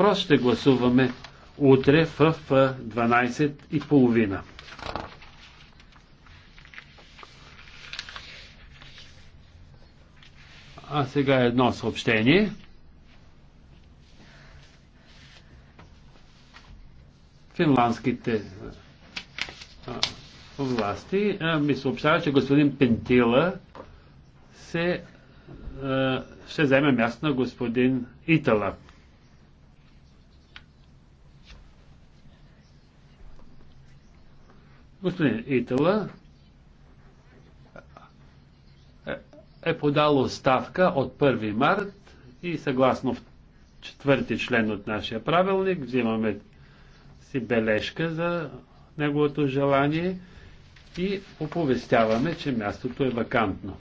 въпрос ще гласуваме утре в половина. А сега едно съобщение. Финландските власти ми съобщава, че господин Пентила се, ще вземе място на господин Итала. Господин Итала е подал оставка от 1 март и съгласно четвърти член от нашия правилник взимаме си бележка за неговото желание и оповестяваме, че мястото е вакантно.